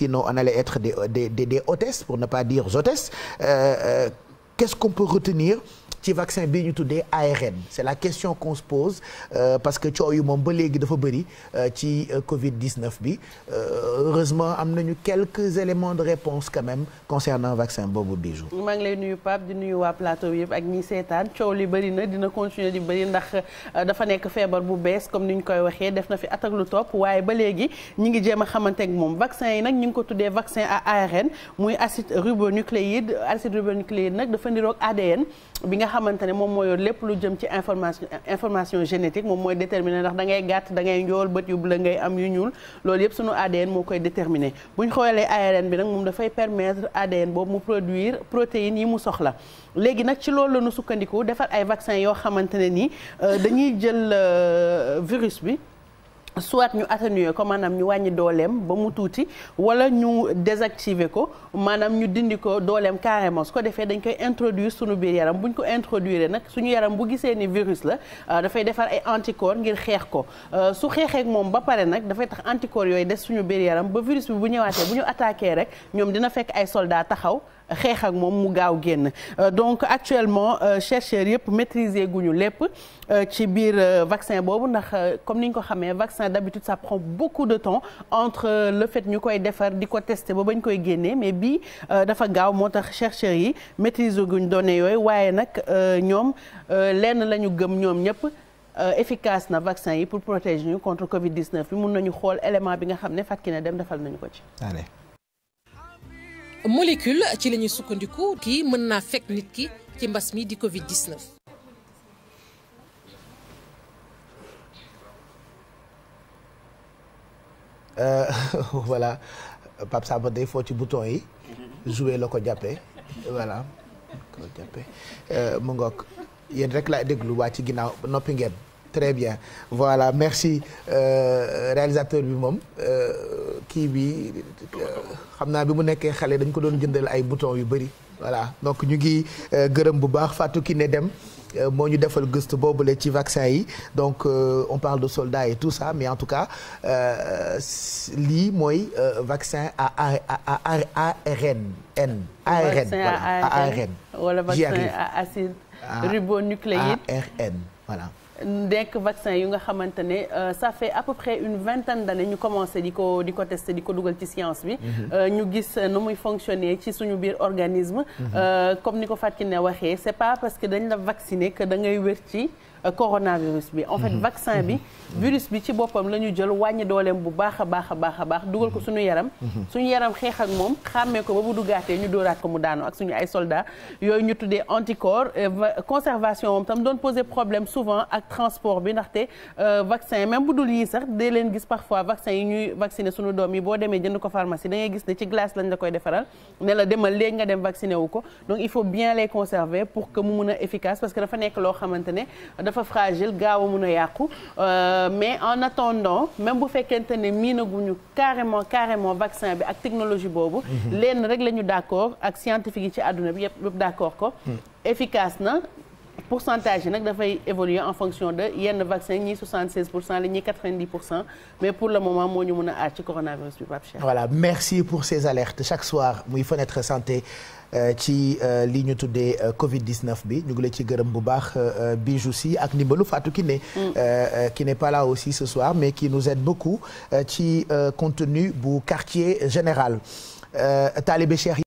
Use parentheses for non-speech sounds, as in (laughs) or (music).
sinon on allait être des des des, des hôtesses pour ne pas dire hôtesses euh, euh qu'est-ce qu'on peut retenir ci vaccin bii ñu tuddee ARN c'est la question qu'on se pose euh, parce que coow yu moom ba léegi dafa bëri euh, ci euh, Covid 19 bi heureusement am nañu quelques éléments de réponse quand même concernant vaccin boobu bijou maa ngi lay nuyu Pape di nuyu waa plateau yëpp ak ñi seetaan coow li bëri na dina continuer di bëri ndax dafa nekk feebar bu bees comme ni ñu koy waxee def na fi at ak lu topp waaye ba léegi ñi ngi jéem a xamante ak moom vaccin yi nag ñu ngi ko tuddee vaccin à ARN muy acide ribonucléide acide ribonucléide nag dafa niroog ADN bi nga xamante ne moom mooy lépp lu jëm ci information information génétique moom mooy déterminer ndax dangay gàtt dangay ngay njool bët yu bleu ngay am yu ñuul loolu yëpp sunu ADN moo koy déterminer bu ñu xoolee ARN bi nag moom dafay permettre ADN boobu mu produire protéines yi mu soxla léegi nag ci loolu la sukkandiku defar ay vaccin yoo xamante ne ni euh, dañuy jël euh, virus bi soit ñu atténuer ko maanaam ñu wàññi dooleem ba mu tuuti wala ñu désactiver ko maanaam ñu dindi ko dooleem carrément su ko defee dañ koy introduire suñu biir yaram bu ñu ko introduire nag suñu yaram bu gisee ni virus la euh, dafay defar ay anticorps ngir xeex ko euh, su xeexeek moom ba pare nag dafay tax anticorps yooyu des suñu biir yaram ba virus bi bu ñëwaatee bu ñu attaqué rek ñoom dina fekk ay soldats taxaw xeex ak moom mu gaaw génn euh, donc actuellement euh, chercheurs yëpp gu ñu lépp euh, ci biir vaccin boobu ndax comme ni ñu ko xamee vaccin d'habitude ça prend beaucoup de temps entre le fait ñu koy defar di ko tester ba bañ koy génnee mais bi dafa gaaw moo tax chercheurs yi maîtriser guñ données yooyu waaye nag ñoom lenn lañu gëm ñoom ñëpp efficace na vaccin yi pour protéger ñu contre Covid 19 bi mun nañu xool élément bi nga xam ne ne dem defal nañu ko ci. molécule ci lañuy sukkandiku kii mën naa fekk nit ki ci mbas mi di Covid 19. Euh, (laughs) voilà Pape Samba foo ci bouton yi. joué la ko jàppee voilà euh, mu ngoog yéen rek laay déglu waa ci ginnaaw noppi ngeen. très bien voilà merci euh, réalisateur bi moom euh, kii bi euh, xam naa bi mu nekkee xale dañ ko doon jëndal ay boutons yu bëri voilà donc ñu ngi gërëm bu baax ki ne dem moo ñu defal gëstu boobule ci vaccin yi donc on parle de soldats et tout ça mais en tout cas lii mooy euh, vaccin à à ARN N ARN voilà ARN wala vaccin à acide ribonucléique ARN voilà nekk vaccin yu nga xamante ne euh, ça fait à peu près une vingtaine d'années ñu commencé di ko di ko tester di ko dugal ci science bi. Mhm. Euh, ñu gis nu muy fonctionner ci suñu biir organisme. Mhm. Euh, comme ni ko Fatou Kiné waxee c'est pas parce que dañ la vacciner que da ngay wér ci. Euh, coronavirus bi en fait mhm. vaccin bi mhm. virus bi ci boppam la ñu jël wàññi dooleem bu baax a baax a baax a baax dugal ko mhm. suñu yaram suñu yaram xeex ak moom xàmmee ko ba bu duggaatee ñu dóoraat ko mu daanu ak suñu ay soldats yooyu ñu tuddee anticorps euh, conservation moom tam doon poser problème souvent ak transport bi ndaxte euh, vaccin même bu dul yii sax dee leen gis parfois vaccin yi ñuy vacciner suñu doom yi boo demee jënd ko pharmacie da ngay gis ne ci glace lañ la koy defaral ne la demal léegi nga dem vacciner wu ko donc il faut bien les conserver pour que mu mun que dafa nekk loo xamante ne dafa fragile gaaw a mun a yàqu euh, mais en attendant même bu fekkente ne miinaguñu carrément carrément vaccin bi ak technologie boobu mhm. lenn rek la ñu d'accord ak scientifique yi ci àdduna bi yëpp yëpp d'accord ko hmm. efficace na pourcentage yi nag dafay évoluer en fonction de yenn vaccin ñii 76 pour cent la ñii 90 pour cent mais pour le moment moo ñu mën a aar ci coronavirus bi Pape Cheikh. merci pour ces alertes chaque soir muy fenêtre santé euh, ci euh, li ñu tuddee euh, Covid 19 bi ñu ngi la ci gërëm bu baax Bijou si ak ndimbalu Fatou Kiné. Mm. qui n'est pas là aussi ce soir mais qui nous aide beaucoup ci contenu bu quartier général Talibé Cheikh.